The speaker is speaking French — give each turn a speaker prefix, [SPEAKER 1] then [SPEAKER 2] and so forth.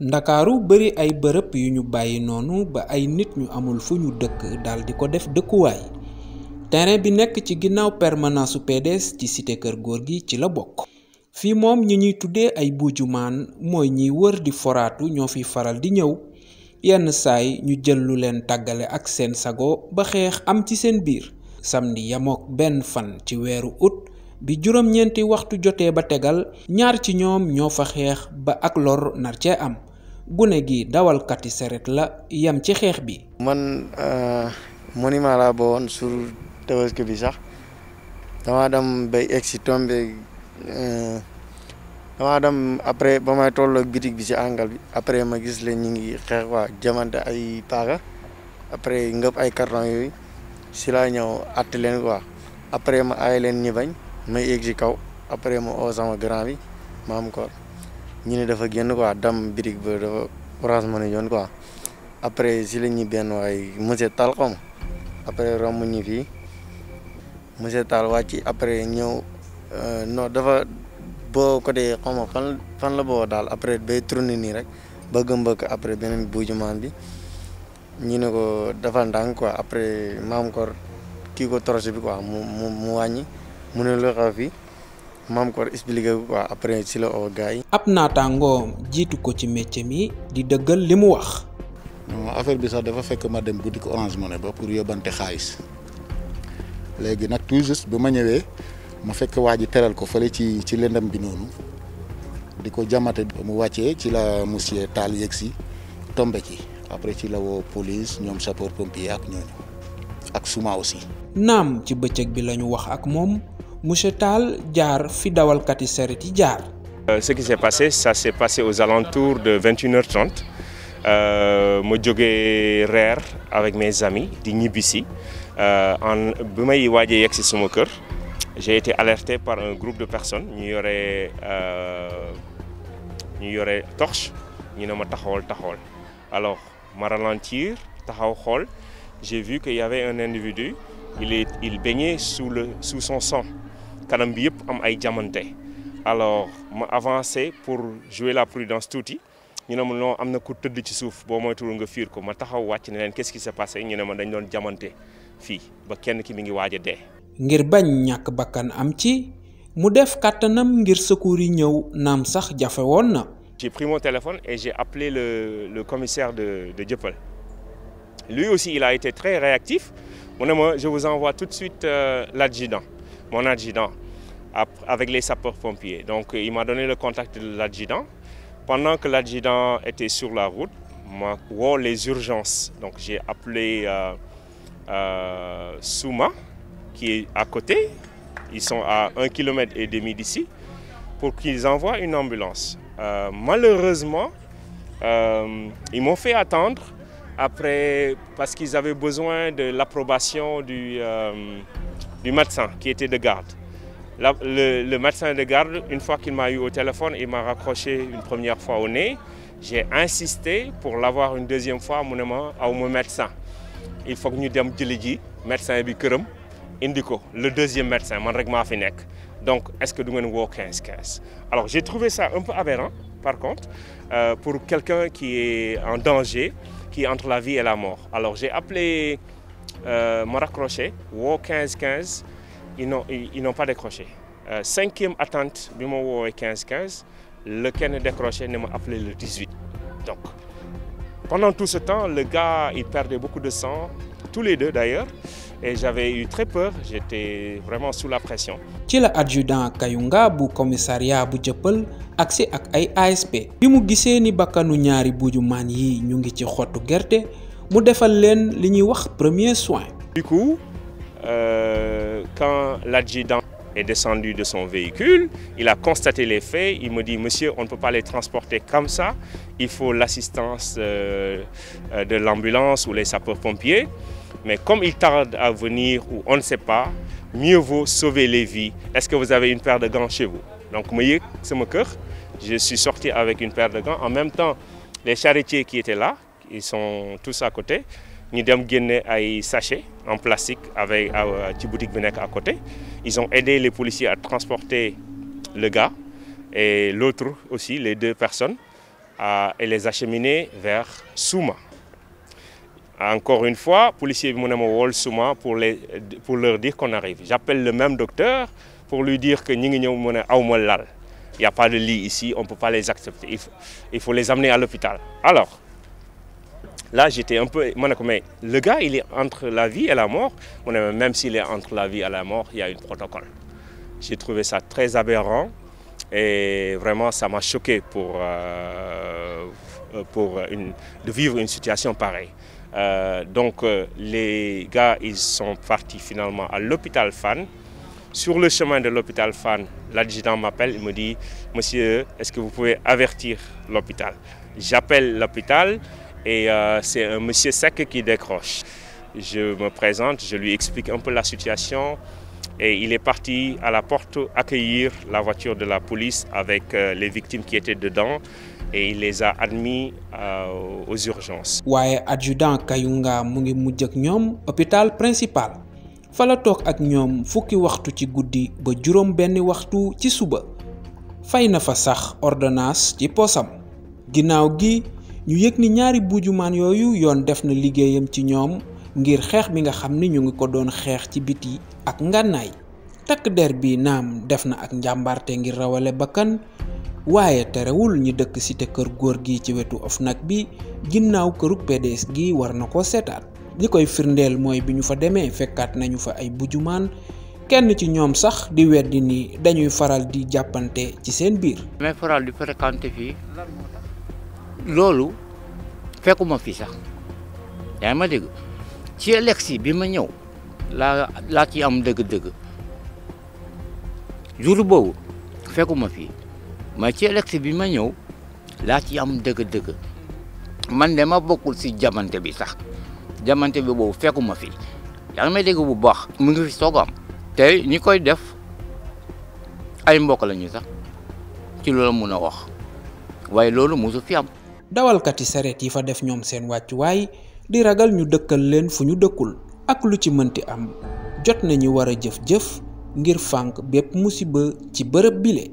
[SPEAKER 1] ndakaaru beri ay bërëb yu ñu bàyyi noonu ba ay nit ñu amul fu ñu dëkk dal di ko def dëkkuwaay terrain bi nekk ci ginnaaw permanence PDS ci cité kër góor gi ci la bokk. fii moom ñi ñuy tuddee ay buujumaan mooy ñiy wër di foraatu ñoo fi faral di ñëw yenn saay ñu jël lu leen tàggale ak seen sago ba xeex am ci seen biir samedi yamook benn fan ci weeru ut bi juróom-ñeenti waxtu jotee ba tegal ñaar ci ñoom ñoo fa xeex ba ak lor nar cee am gune gi dawal kati seret la yam ci xeex
[SPEAKER 2] bi man euh, monima la bon sur ke bi sax dama dam bay egsi tombé euh, dama dam après ba may tolloog bitik bi ci angal bi après ma gis le ñi ngi xex wa jamante ay paga après ngeup ay carton yoy ci la ñew att len quoi après ma ay len ñi bañ may egg ci kaw après ma o sama grand bi ma am ko ñu ne dafa génn quoi dam birig ba dafa orange mënu yoon quoi après si la ñuy benn waay monsieur Tall xom après romb ñu fii monsieur Tall wàcc après ñëw euh, non dafa boo ko dee xaw fan fan la boo daal après bay tourné nii rek bëgg mbëkk après beneen buujumaan bi ñu ne ko dafa ndànk quoi après maam kor kii ko torche bi quoi mu mu wàññi mu ne fii maam ko expliquer ko après ci la o gars ap
[SPEAKER 1] na tango jitu ko ci metier mi di deugal limu wax. non affaire bi sax dafa fekk ma dem boutique orange money ba pour yobante xaalis legui nak tout juste bima ma ma fekk waa ji teral ko fële ci ci lendam bi nonu di ko jamate mu waccé ci la monsieur tal yexi tombé ci après ci la wo
[SPEAKER 3] police ñom sapeur pompier ak ñoo ak suma aussi.
[SPEAKER 1] Nam ci beccëk bi lañu wax ak mom Euh, ce
[SPEAKER 3] qui s'est passé ça s'est passé aux alentours de 21h30 Je suis rare avec mes amis de Nibisi. Euh, en je may j'ai été alerté par un groupe de personnes Il y aurait yore torche Il y une alors ma ralentir taxaw j'ai vu qu'il y avait un individu il baignait sous son sang kanam bi yep am ay jamante alors ma avancé pour jouer la prudence touti ñu ne ma non am na ku tëdd ci suuf boo nga fiir ko ma taxaw wacc ne len qu'est-ce qui s'est passé ñu ne ma dañ doon jamante fi ba kenn ki mi ngi waja dé
[SPEAKER 1] ngir bañ ñak bakkan am ci mu def katanam ngir secours yi ñew nam sax jafe woon na.
[SPEAKER 3] j'ai pris mon téléphone et j'ai appelé le, le, commissaire de, de Dieppel. Lui aussi, il a été très réactif. On a, je vous envoie tout de suite euh, l'adjudant mon adjudant avec les sapeurs-pompiers. Donc euh, il m'a donné le contact de l'adjudant. Pendant que l'adjudant était sur la route, moi, les urgences. Donc j'ai appelé euh, euh, Souma, qui est à côté. Ils sont à un kilomètre et demi d'ici pour qu'ils envoient une ambulance. malheureusement, ils m'ont fait attendre après parce qu'ils avaient besoin de l'approbation du du médecin qui était de garde. le, médecin de garde, une fois qu'il m'a eu au téléphone, il m'a raccroché une première fois au nez. J'ai insisté pour l'avoir une deuxième fois mon mon médecin. Il faut que nous le médecin est keureum indico le deuxième médecin man rek Donc est-ce que nous allons 15 15. Alors j'ai trouvé ça un peu aberrant par contre euh, pour quelqu'un qui est en danger, qui est entre la vie et la mort. Alors j'ai appelé euh, m'ont raccroché, WO 15-15, ils n'ont ils, pas décroché. Euh, cinquième attente, ils 15-15, lequel est décroché, ils m'ont appelé le 18. Donc, pendant tout ce temps, le gars, il perdait beaucoup de sang, tous les deux d'ailleurs, et j'avais eu très peur, j'étais vraiment sous la pression.
[SPEAKER 1] ci la adjudant Kayunga du commissariat bu accès à ASP ni mu premier soin. du coup
[SPEAKER 3] euh, quand l'adjudant est descendu de son véhicule il a constaté les faits il me dit monsieur on ne peut pas les transporter comme ça il faut l'assistance euh, euh, de l'ambulance ou les sapeurs-pompiers mais comme ils tardent à venir ou on ne sait pas mieux vaut sauver les vies est-ce que vous avez une paire de gants chez vous donc c'est mon cœur. je suis sorti avec une paire de gants en même temps les charretiers qui étaient là ils sont tous à côté ni sachets en plastique avec euh, boutique à côté ils ont aidé les policiers à transporter le gars et l'autre aussi les deux personnes à, et les acheminer vers Souma encore une fois policier policiers m'ont Souma pour les pour leur dire qu'on arrive j'appelle le même docteur pour lui dire que il n'y a pas de lit ici on ne peut pas les accepter il faut les amener à l'hôpital alors Là, j'étais un peu. mais le gars, il est entre la vie et la mort. Même s'il est entre la vie et la mort, il y a un protocole. J'ai trouvé ça très aberrant et vraiment, ça m'a choqué pour, euh, euh, pour de vivre une situation pareille. Euh, donc, les gars, ils sont partis finalement à l'hôpital Fan. Sur le chemin de l'hôpital Fan, l'adjudant m'appelle, il me dit Monsieur, est-ce que vous pouvez avertir l'hôpital J'appelle l'hôpital. Et euh, c'est un monsieur sec qui décroche. Je me présente, je lui explique un peu la situation. Et il est parti à la porte accueillir la voiture de la police avec euh, les victimes qui étaient dedans et il les a admis euh, aux urgences.
[SPEAKER 1] waaye adjudant Kayunga Mungi ngi ak hôpital principal Fala tok ak ñom fukki waxtu ci guddi ba juroom benn waxtu ci suba fay na fa sax ordonnance ci posam ginaaw gi. ñu yëg ni ñaari buujumaan yooyu yoon def na liggéeyam ci ñoom ngir xeex bi nga xam ni ñu ngi ko doon xeex ci biti ak ngànnaay takk der bi naam def na ak njàmbarte ngir rawale bakkan waaye terewul ñi dëkk te kër góor gi ci wetu OFNAC bi ginnaaw këru PDS gi war na ko seetaat li koy firndeel mooy bi ñu fa demee fekkaat nañu fa ay bujumaan kenn ci ñoom sax di weddi ni dañuy faral di jàppante ci seen biir.
[SPEAKER 2] may faral di fréquenté fii loolu fekkuma fi sax yaa ma dégg ci élection bi ma ñëw laa laa ci am dëgg-dëgg jour boobu fekkuma fii mais ci élection bi ma ñëw
[SPEAKER 1] laa ci am dëgg-dëgg man de ma bokkul si jamante bi sax jamante bi boobu fekkuma fi yaa ngi may dégg bu baax mu ngi fi soog am tey ñi koy
[SPEAKER 2] def ay mbokk la ñu sax ci loolu mun a wax waaye loolu mosu fi am
[SPEAKER 1] dawalkati sareet yi fa def ñoom seen wàccuwaay di ragal ñu dëkkal leen fu ñu dëkkul ak lu ci mënti am jot nañu war a jëf-jëf ngir fànk bépp musiba ci bërëb bile